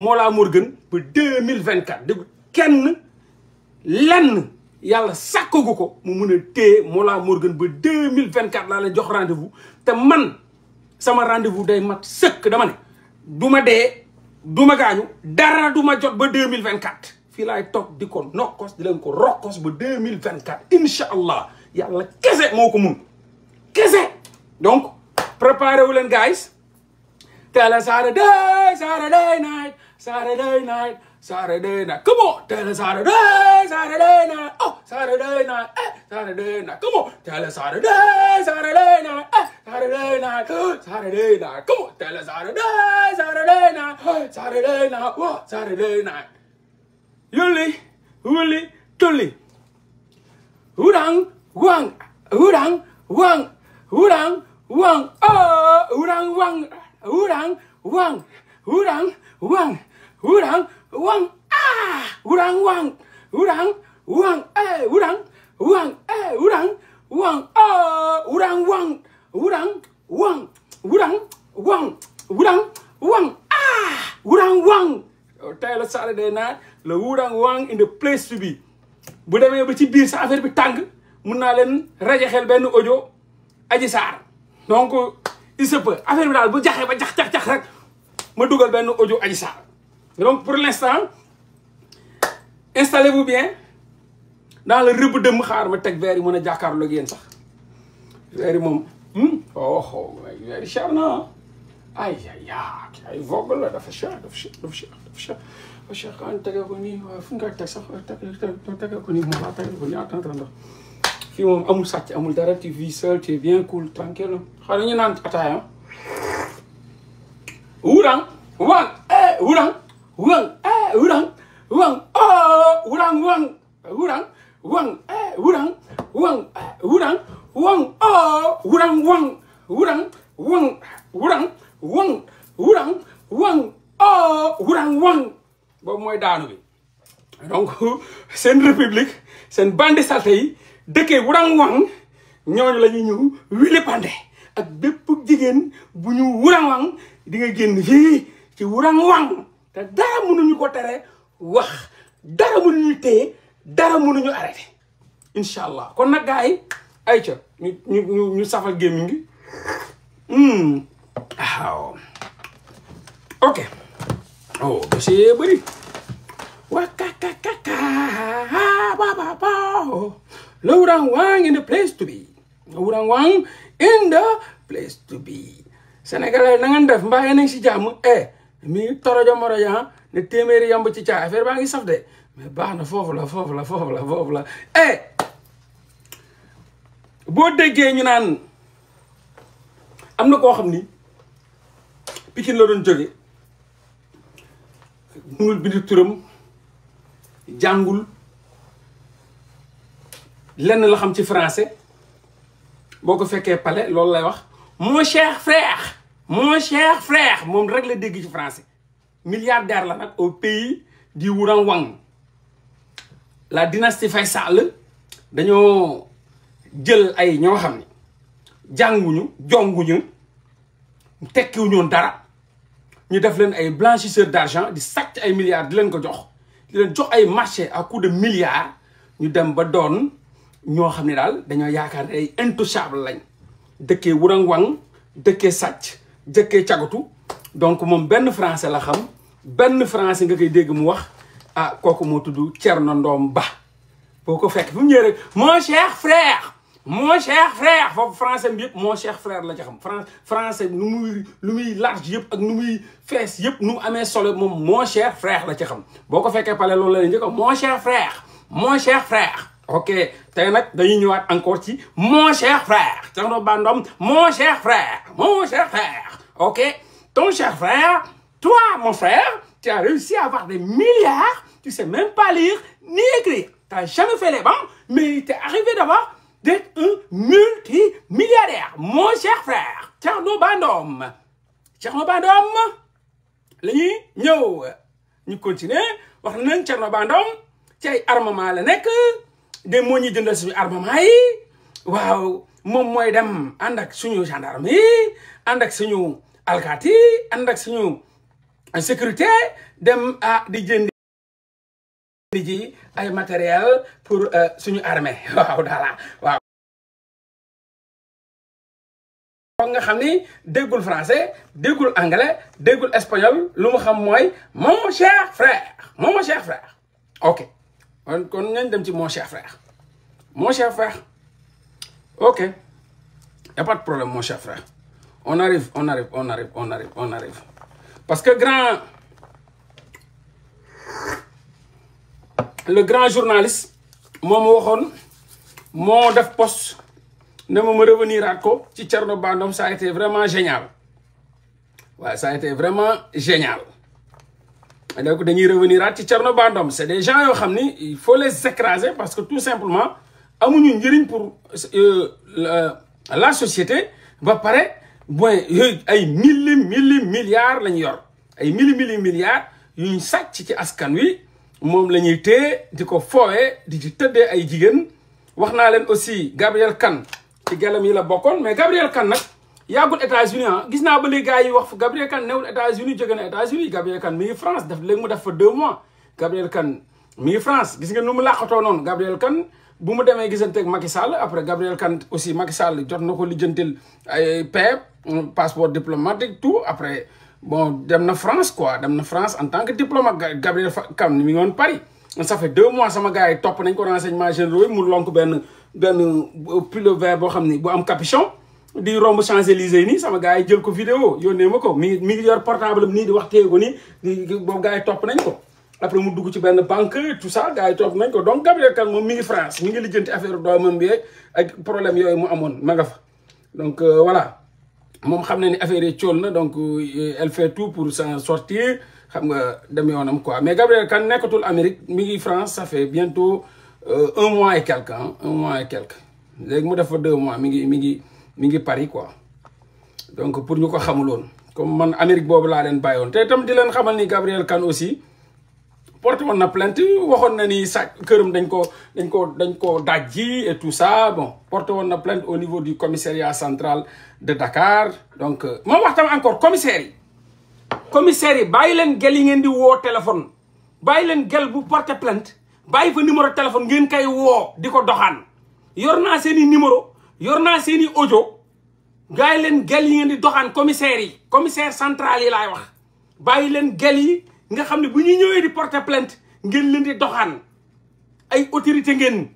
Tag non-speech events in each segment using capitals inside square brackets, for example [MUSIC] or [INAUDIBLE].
moo Mollah Morgun ba deux mille vingt quatre dégg kenn lenn yàlla sàkkagu ko mu mun a téye Mollah Morgun ba deux mille vingt quatre laa la jox rendez vous te man sama rendez vous day mat sëkk dama ne du ma dee duma ma gaañu dara du ma jot ba deux mille vingt quatre fii laay toog di ko nokkos di leen ko rokkos ba deux mille vingt quatre incha allah yàlla kese moo ko mun kese donc préparé wu leen guys teel a saara day saara day Saturday night, Saturday night. Come on, tell us Saturday, Saturday night. Oh, Saturday night, eh, Saturday night. Come on, tell us Saturday, Saturday night, eh, Saturday night, Saturday night. Come on, tell us Saturday, Saturday night, Saturday night, what, Saturday night. Yuli, Uli, Tuli. Udang, Wang, Udang, Wang, Udang, Wang, oh, Udang, Wang, Udang, Wang, Udang, Wang. 우랑 우왕 아 우랑 우왕 우랑 우왕 에 우랑 우왕 에 우랑 우왕 어 우랑 우왕 우랑 우왕 우랑 우왕 우랑 우왕 ah wurang wang tey la Saturday night la wurang wang in the place to be bu demee ba ci biir sa affaire bi tàng mun naa leen rajaxel benn audio aji saar donc il se peut affaire bi daal bu jaxee ba jax jax jax rek ma dugal benn audio aji saar donc pour l' instant installez-vous bien dans le rëbb dëmm xaar ma teg verre yi mën a jàkkaarloo ak yéen sax verre yi moom hmm? oh oh verre yi cher na ay ay ay vogue la dafa cher dafa cher dafa cher dafa cher dafa cher quand même tegee ko nii waaye fu ñu koy teg sax tegee ko nii moom laa tegee ko nii attends attends fii moom amul sàcc amul dara tu vis seul tu es bien cool tranquille xanaa ñu naan ataaya wuurang waan eh wuurang wang eh wurang wang wurang wang wurang wang wurang wang wurang wang wurang wang wurang wang wurang wang wurang wang boobu mooy daanu bi donc seen république seen bandi salte yi dëkkee wurang wang ñooñu la ñuy ñëw wili pande ak bépp jigéen bu ñu wurang wang di nga génn fii ci wurang wang te dara mënuñu ko tere wax dara mënuñu téye dara mënuñu arrêté incha allah kon nag gars yi ay ca ñu ñu ñu safal gémmiñ gi hmm. waaw ok oh dossier bëri wakakakaka bababa lowrang wang in the place to be lowrang wang in the place to be sénégalais na ngeen def mbaa yéen a ngi si jàmm eh mi ngi torojo moroja ah, ne téeméeri yamb ci caay affaire baa ngi saf de mais baax na foofu la foofu la foofu la foofu la eh boo déggee ñu naan am na koo xam ni Pikine la doon jóge munul bind turam jàngul lenn la xam ci français boo ko fekkee pale loolu lay wax mon cher frère mon cher frère moom rek la dégg ci français milliardaire la nag au pays du Wuran Wang la dynastie Faye Sall dañoo jël ay ñoo xam ni jànguñu jonguñu tekkiwu ñoon dara ñu def leen ay blanchisseur d'argent di sàcc ay milliards di leen ko jox di leen jox ay marché à coup de milliards ñu dem ba doon ñoo xam ni daal dañoo yaakaar ne ay intouchable lañ dëkkee Wuran Wang dëkkee sàcc njëkkee cagatu donc moom benn francais la xam benn français nga koy dégg mu wax ah kooku moo tudd Thierno Ndom Ba boo ko fekk fu mu ñëwee rek mon cher frère mon cher frère foofu français bi yëpp mon cher frère la ci xam fran français nu muy lu muy ak nu muy fees yëpp nu amee solo moom mon cher frère la ci xam boo ko fekkee pale loolu la leen njëkk mon cher frère mon cher frère ok tey nag dañuy ñëwaat encore ci mon cher frère Thierno Ba Ndom mon cher frère mon cher frère OK Ton cher frère, toi, mon frère, tu as réussi à avoir des milliards, tu sais même pas lire ni écrire. Tu jamais fait les banques, mais il t'est arrivé d'avoir d'être un multimilliardaire. Mon cher frère, Thierno Bandom. Thierno Bandom, la ñuy ñëw ñu continuer wax nañ Thierno Bandom ci ay armement la nekk des moo ñuy jëndal suñu armement yi moom mooy dem ànd ak suñu gendarme yi ànd ak suñu alkaati yi ànd ak suñu sécurité dem ah di jëndi ji ay matériel pour euh, suñu armée [LAUGHS] waaw daala waaw kon nga xam ni déggul français déggul anglais déggul espagnol lu mu xam mooy mon cher frère mon cher frère ok kon ñooñu dem ci mon cher frère mon cher frère Ok. pas de problème, mon cher frère. On arrive, on arrive, on arrive, on arrive, Parce que grand... Le grand journaliste, moom waxoon moo def post ne moom ma ko ci Thierno bandoom ça a été vraiment génial waaw ça a été vraiment génial donc dañuy revenir at ci Thierno Bandoum c'est des gens yoo xam ni il faut les écraser parce que tout simplement amuñu njëriñ pour euh, la societé ba pare mooy yooyu euh, ay milli milli milliards lañu yor ay milli milli yuñ sàcc ci askan wi moom la ñuy téye di ko foowee di ci tëddee ay jigéen wax naa leen aussi Gabriel Kane ci gelam yi la bokkoon mais Gabriel Kane nag yàggul États-Unis ah gis naa ba léegi gars yi wax fa Gabriel Kane newul États-Unis jóge na États-Unis Gabriel Kane mi France daf léegi mu def fa deux mois Gabriel Kane mi ngi France gis nga nu mu làqatoo noonu Gabriel kan bu mu demee gisante ak Macky Sall après Gabriel Kane aussi Macky Sall jot na ko lijjantil ay paie passeport diplomatique tout après bon dem na France quoi dem na France en tant que diplomate Gabriel Kane mi ngi woon Paris. ça fait deux mois sama gars yi topp nañ ko renseignement généraux yi mu lonk benn benn euh, pull vert boo xam ni bu am capuchon. di romb champs nii sama gars yi jël ko vidéo yónnee ma ko mi mi portable am nii di wax téye ko nii boobu gars yi topp nañ ko. après mu dugg ci benn banque tout ça gars yi toog nañ ko donc Gabriel Kane moom mi ngi France mi ngi lijjanti affaire doomam bi ak problème yooyu mu amoon ma fa donc euh, voilà moom xam na ni affaire yi cool na donc euh, elle fait tout pour s'en sortir xam nga dem yoonam quoi mais Gabriel Kane nekkatul Amérique mi ngi France ça fait bientôt euh, un mois et quelque un mois et quelque léegi mu def fa deux mois mi ngi mi ngi mi ngi Paris quoi donc pour ñu ko xamuloon comme man Amérique boobu laa leen bàyyoon te itam di leen xamal ni Gabriel Kane aussi porté woon na plainte waxoon na ni sa këram dañ ko dañ ko dañ ko dajji et tout ça bon porté woon na plainte au niveau du commissariat central de Dakar donc euh, moom wax tam encore commissaire yi commissaire yi bàyyi leen gel yi ngeen di woo téléphone bàyyi leen gel bu porté plainte bàyyi fa numéro téléphone ngeen kay woo di ko doxaan yor naa seen i numéro yor naa seeni ojo audio gars leen gel yi ngeen di doxaan commissaire yi commissaire central yi laay wax bàyyi leen gel yi nga xam ne bu ñuy ñëwee di porter plainte ngeen leen di doxaan ay autorité ngeen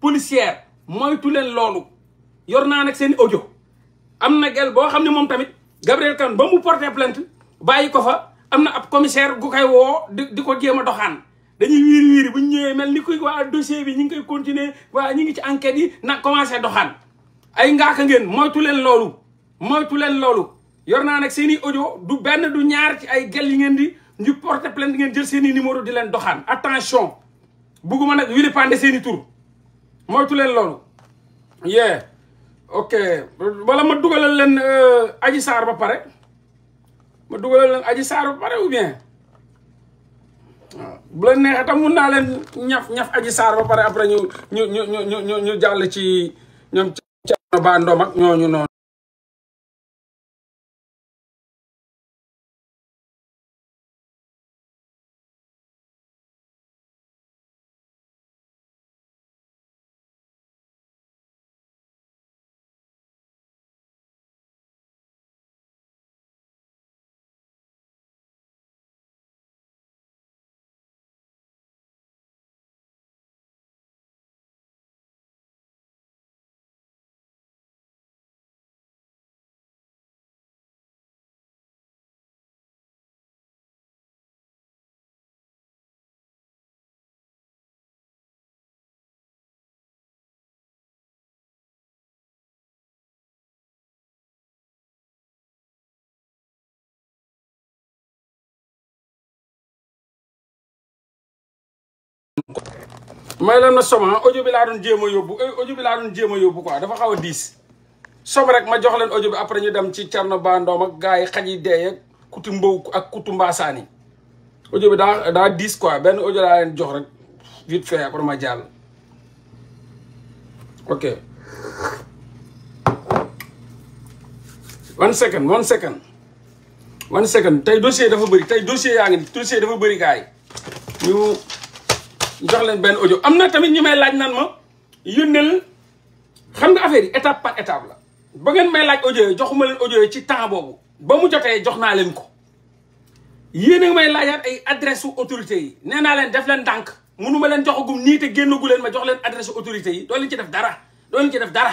policière moytu leen loolu yor naa nag seen audio am na gel boo xam ne moom tamit Gabriel Kane ba mu porter bàyyi ko fa am na ab commissaire gu koy woo di ko jéem a doxaan dañuy wiiri wiiri bu ñu ñëwee mel ni kuy waa dossier bi ñu ngi koy continuer waa ñu ngi ci enquête yi nag commencé doxaan ay ngaaka ngeen moytu leen loolu moytu leen loolu yor naa nag seen i du benn du ñaar ci ay gel yi ngeen di ñu porté plainte ngeen jël seeni i numéro di leen doxaan attention bugguma nag wili pande seeni i tur moytu leen loolu yee ok wala ma dugalal leen euh, aji Sarr ba pare ma dugalal leen Adji Sarr ba pare ou bien bu leen neexee tam mun naa leen ñaf ñaf Adji Sarr ba pare après ñu ñu ñu ñu ñu jàll ci ñoom ca ba ndoom ak ñooñu noonu may leen ma soma audio bi laa jéem a yóbbu eh, audio bi laa doon jéem a yóbbu quoi dafa xaw a diis som rek ma jox leen ojo bi après ñu dem ci Thierno Ba Ndom ak gars yi xaj yi dee ak kuti mbow ak kutu mbaasaani audio bi daa daa diis quoi benn audio laa leen jox rek vite fait après ma jàll ok one second one second one second tey dossier dafa bëri tey dossier yaa ngi dossier dafa bëri gars yi jox leen benn audio am na tamit ñu may laaj naan ma yónneel xam nga affaire yi étape par étape la ba ngeen may laaj audio yi joxuma leen audio yi ci temps boobu ba mu jotee jox naa leen ko yéen a may laaj laajaat ay adresse su autorités yi nee naa leen def leen ndànk mënu ma leen joxagum nii te génnagu leen ma jox leen adresse autorités yi doo leen ci def dara doo leen ci def dara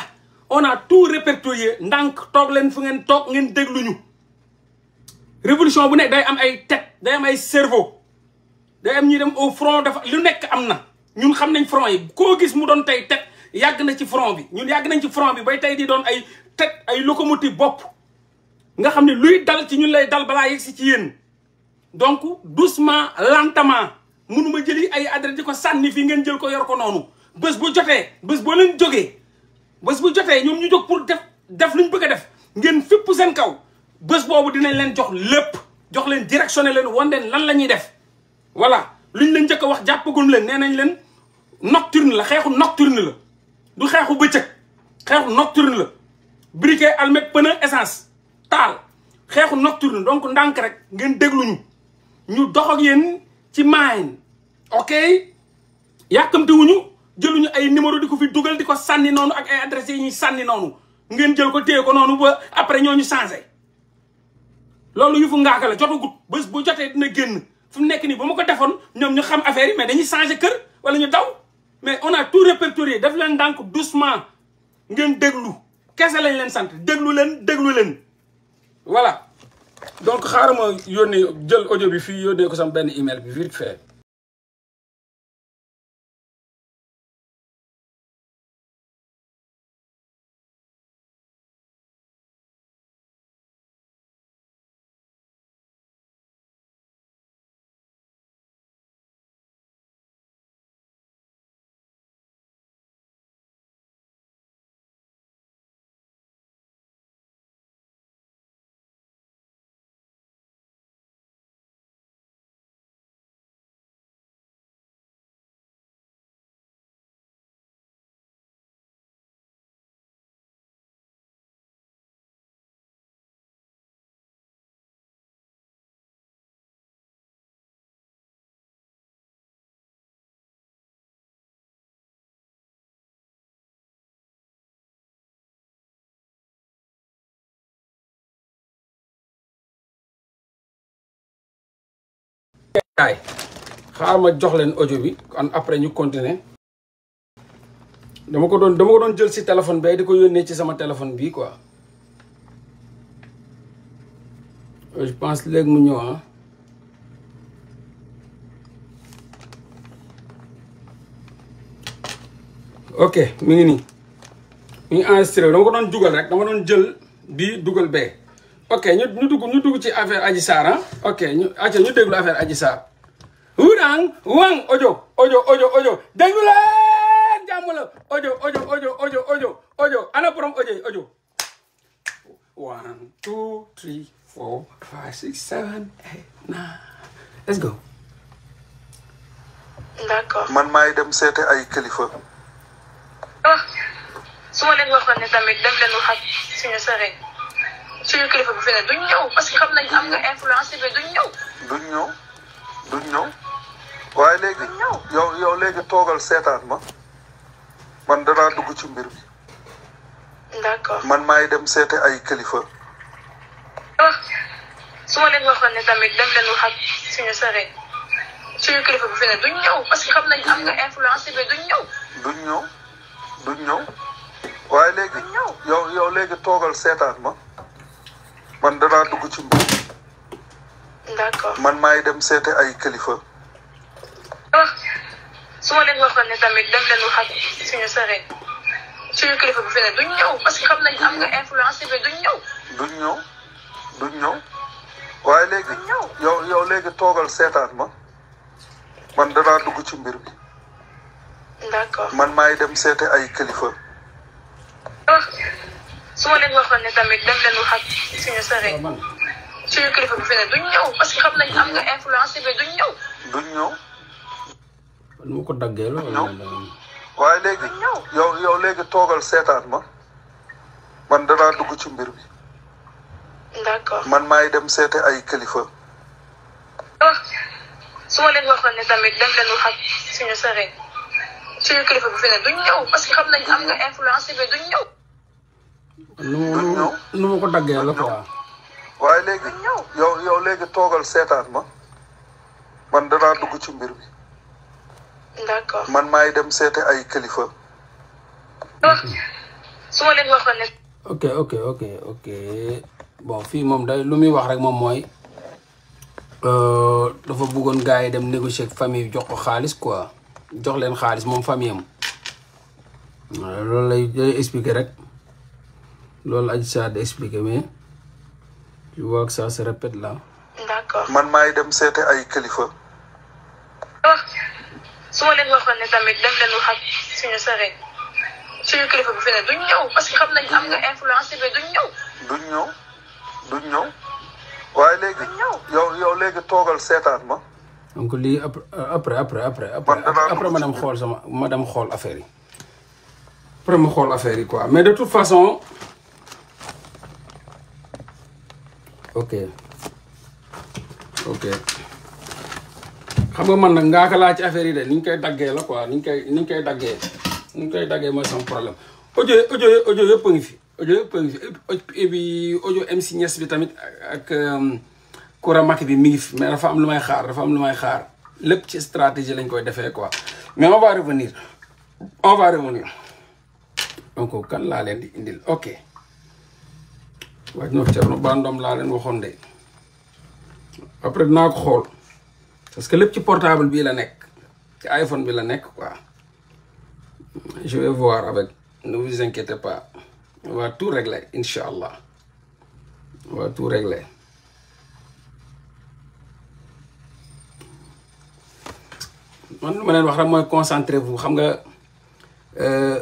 on a tout répertorié ndànk toog leen fu ngeen toog ngeen dégluñu révolution bu nekk day am ay tête day am ay cerveau day am ñuy dem au front dafa lu nekk am na ñun xam nañ front yi koo gis mu doon tey teg yàgg na ci front bi ñun yàgg nañ ci front bi bay tey di doon ay teg ay locomotive bopp nga xam ne luy dal ci ñun lay dal balaa yegg si ci yéen donc doucement lentement mënuma jëli ay adresse di ko sànni fii ngeen jël ko yor ko noonu bés bu jotee bés boo leen jógee bés bu jotee ñoom ñu jog pour def def lu bëgg a def ngeen fépp seen kaw bés boobu dinañ leen jox lépp jox leen directionné leen wan lan la ñuy def voilà luñ leen njëkk a wax jàppagum leen nee nañ leen nocturne la xeexu nocturne la du xeexu bëccëg xeexu nocturne la briquet almet pneu essence taal xeexu nocturne donc ndànk rek ngeen dégluñu ñu dox ak yéen ci maayin ok yàkkamtiwuñu jëluñu ay numéro di ko fi dugal di ko sànni noonu ak ay adresse yi ñuy sànni noonu ngeen jël ko téye ko noonu ba après ñoo ñu changé loolu yu fu ngaaka la jotagut bés jotee dina génn fu nekk nii ba ma ko defoon ñoom ñu xam affaire yi mais dañuy changer kër wala ñu daw mais on a tout répertorié daf leen ndànk doucement ngeen déglu kese lañ leen sant déglu leen déglu leen voilà donc xaaral ma yónnee jël audio bi fii yónnee ko sama benn email bi vite kaay xaar ma jox leen audio bi kon après ñu continuer dama ko doon dama ko doon jël si téléphone bi di ko yónnee ci sama téléphone bii quoi euh, je pense léegi mu ñëw ah ok mu ngi nii mi ngi enregistré dama ko doon dugal rek dama doon jël bii dugal bee ok ñu ñu dugg ñu dugg ci affaire aji Sarr ah ok ñu acca ñu déglu affaire Adji Sarr wurang wang ojo ojo ojo ojo ojo ojo ojo ojo ana borom ojo ojo one two three four five six seven eight nine let's go man maay dem seete ay kilifa ah su ma leen waxoon ne tamit dem leen wax ak suñu sëriñ suñu kilifa bu fi ne duñ ñëw parce que xam na nga influence bi duñ ñëw. duñ ñëw duñ ñëw. waaye léegi yow léegi toogal seetaan ma man danaa dugg ci mbir bi. d'accord man maay dem seete ay kilifa. waaw ah, su ma leen waxoon ne tamit dem leen wax ak suñu sëriñ suñu kilifa bu parce que xam nañ nga influence bi duñ ñëw. duñ ñëw duñ waaye léegi yow léegi toogal seetaan ma. man danaa dugg ci mbir. d'accord man maay dem seete ay kilifa. ah su ma leen waxoon ne tamit dem leen wax ak suñu sëriñ suñu kilifa bu fi ne duñ ñëw parce que xam nañ am nga influence bi duñ ñëw. duñ ñëw waaye léegi yow yow léegi toogal seetaan ma man danaa dugg ci mbir bi. d'accord man maay dem seete ay kilifa. Ah, su ma leen waxoon tamit dem leen wax ak suñu sëriñ suñu kilifa bi fi ne duñ ñëw parce que xam nañ am nga influence bi duñ ñëw. waaye léegi. yow yow léegi toogal seetaan ma man danaa dugg ci mbir bi. d'accord man maay dem seete ay kilifa. su ma leen ne tamit dem leen wax ak suñu sëriñ suñu kilifa bi fi ne duñ ñëw parce que xam nañ nga influence bi duñ nu mu nu mu ko daggee la quoi. waaye léegi yow yow léegi toogal seetaan ma man danaa dugg ci mbir bi. d'accord man maay dem seete ay kilifa. Ah, su ma leen waxoon ne. ok ok ok ok bon fii moom day lu muy wax rek moom mooy euh, dafa bëggoon gars yi dem négocier ak famille jox ko xaalis quoi jox leen xaalis moom famille am loolu lay lay expliquer rek. loolu Adji Sarr di expliqué mais tu vois que ça se répète là. d'accord man maay dem seete ay kilifa. ah su ma leen waxoon ne tamit dem leen wax ak suñu sëriñ suñu kilifa bu fi ne duñ ñëw parce que xam nañ am nga influence bi duñ ñëw. duñ ñëw duñ waaye léegi yow yow léegi toogal seetaan ma. donc lii après après après après après ma xool sama ma dem xool affaire yi. après ma xool affaire yi mais de toute façon. ok ok xam nga man nag ngaa ko laa ci affaire yi de ni ñu koy daggee la quoi ni ñu koy ni koy daggee ni ñu koy daggee mooy sama problème audio audio audio yëpp ngi fi audio yëpp a ngi fi et puis audio MC bi tamit ak Kouramati euh, bi mi ngi fi mais dafa am lu may xaar dafa am lu may xaar lépp ci stratégie lañ koy defee quoi mais on va revenir on va revenir donc kan laa leen di indil ok waaj noo Thierno Ba laa leen waxoon de après dinaa ko xool parce que lépp ci portable bii la nekk ci iPhone bi la nekk waa je vais voir avec ne vous inquiétez pas on tout régler incha allah waa va tout régler man lu ma neen wax rek mooy concentrez-vous xam nga euh,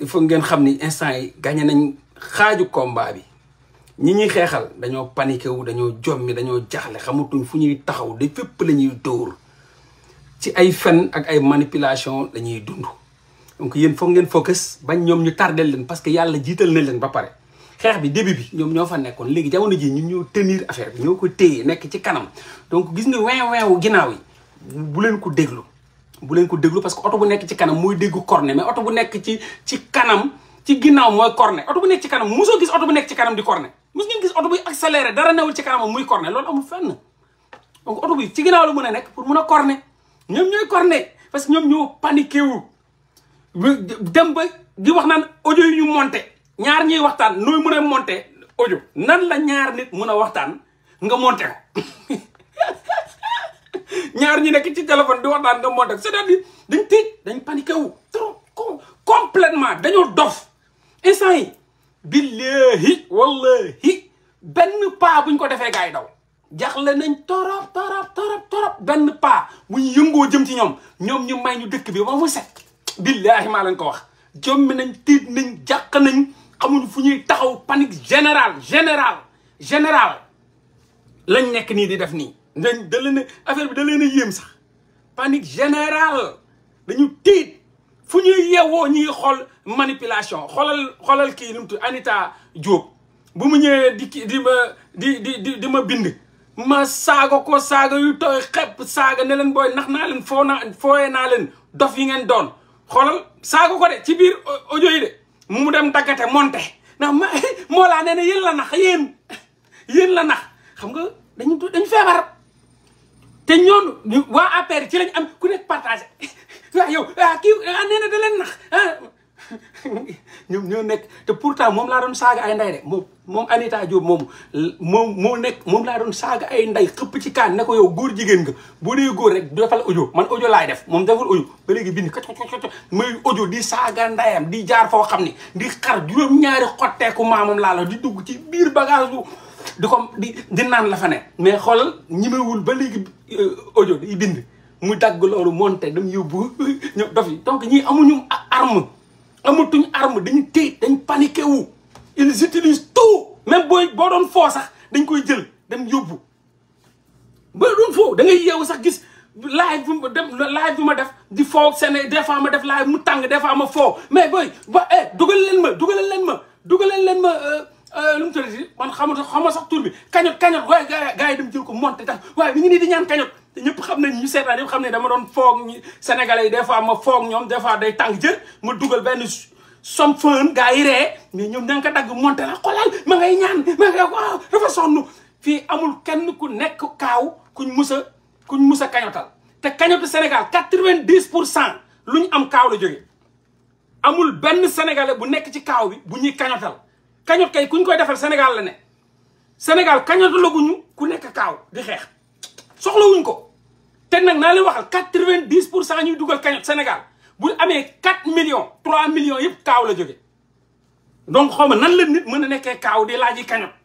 il faut ngeen xam ni instant yi gagné nañ xaaju combat bi ñi ñuy xeexal dañoo paniqué wu dañoo jommi dañoo jaxle xamatuñ fu ñuy taxaw de fépp lañuy ñuy ci ay fen ak ay manipulation lañuy ñuy dund donc yéen foog ngeen focus bañ ñoom ñu tardel leen parce que yàlla jiital na leen ba pare xeex bi début bi ñoom ñoo fa nekkoon léegi jamono ji ñu ñoo tenir affaire bi ñoo ko téye nekk ci kanam donc gis nga wen wen ginnaaw yi bu leen ko déglu bu leen ko déglu parce que oto bu nekk ci kanam mooy déggu corne mais oto bu nekk ci ci kanam ci ginnaaw mooy corne oto bu nekk ci kanam mosoo gis oto bu nekk ci kanam di corne mos ngeen gis oto buy accéléré dara newul ci kanamam muy corne loolu amul fenn donc oto bi ci ginnaaw la mën a nekk pour mun a corne ñoom ñooy corne parce que ñoom ñoo paniqué wu dem ba di wax naan audio yi ñu monté ñaar ñuy waxtaan nooy mën a monté nan la ñaar nit mën a waxtaan nga monté ko [LAUGHS] ñaar ñi nekk ci téléphone di waxtaan nga monté ko c'est-à-dire dañ tiit dañ paniqué wu trop complètement dañoo dof instant yi billahi wallahi benn pas buñ ko defee gars daw jaxle nañ torop torop torop benn pas bu ñu yëngoo jëm ci ñoom ñoom ñu may ñu dëkk bi ba mu set billahi maa leen ko wax jommi nañ tiit nañ jàq nañ xamuñ fu ñuy taxaw panique générale générale générale lañ nekk nii di def nii dañ da leen affaire bi da leen a sax panique générale dañu tiit fu ñuy yeewoo ñuy xool manipulation xoolal xoolal kii nu mu tudd Anita bu mu ñëwee di di ma di di di bind ma saaga ko saaga yu tooy xepp saaga ne leen booy nax naa leen foo naa fooyee naa leen dof yi ngeen doon xoolal saaga ko de ci biir audio yi de mu dem daggate monte ndax ma [LAUGHS] moo laa nee na yéen la nax yéen [LAUGHS] yéen la nax xam nga dañu dañu feebar te ñoonu waa APR ci lañ am ku nekk partagé [LAUGHS] waaw yow ah kii da leen nax ah. ñoom ñoo nekk te pourtant moom laa doon saaga ay ndey de moom moom Anita Diop moom moom moo nekk moom laa doon saaga ay ndey xëpp ci kaan ne ko yow góor jigéen nga boo dee góor rek defal ojo man ojo laay def moom deful audio ba léegi bind kat kat may audio di saaga ndeyam di jaar foo xam ne di xar juróom-ñaari xotteeku maamam laa la di dugg ci biir bagage bu di ko di di naan la fa ne mais xoolal ñimewul ba léegi euh, audio di bind mu dagg loolu monte dam yóbbu [LAUGHS] ñoom dof yi donc ñii amuñu arm amatuñ arme dañu téye dañ paniqué wu ils utilisent tout même booy boo doon foo sax dañ koy jël dem yóbbu boo doon foo da ngay yeewu sax gis live bu dem live bu ma def di foo sene des fois ma def live mu tàng des fois ma foo mais booy ba eh dugal leen ma dugal leen ma dugal leen ma euh, euh, lu mu tëddee man xamul sax xamul sax tur bi kañot kañot waaye gaa gaa yi dem jël ko monté tax waaye mi ngi nii di ñaan kañot te ñëpp xam nañ ñu seetaan yëpp xam ne dama doon foog ñu sénégalais des fois ma foog ñoom des fois day tàng jër ma dugal benn som fën gars yi ree mais ñoom da ko dagg monté la xolal ma ngay ñaan ma ngay waaw dafa sonn fii amul kenn ku nekk kaaw kuñ mus a kuñ mus a kañotal te kañotu Sénégal quatre-vingt-dix pour cent lu ñu am kaaw la amul benn sénégalais bu nekk ci kaaw bi bu ñuy kañotal kañot kay kuñ koy defal Sénégal la ne Sénégal kañotalaguñu ku nekk kaaw di xeex soxlawuñ ko te nag naa leen waxal quatre vingt dis pour cent ñuy dugal kañot Sénégal bu amee quatre millions trois millions yëpp kaaw la jege donc xaw ma nan la nit mën a nekkee kaaw di laaj yi kañot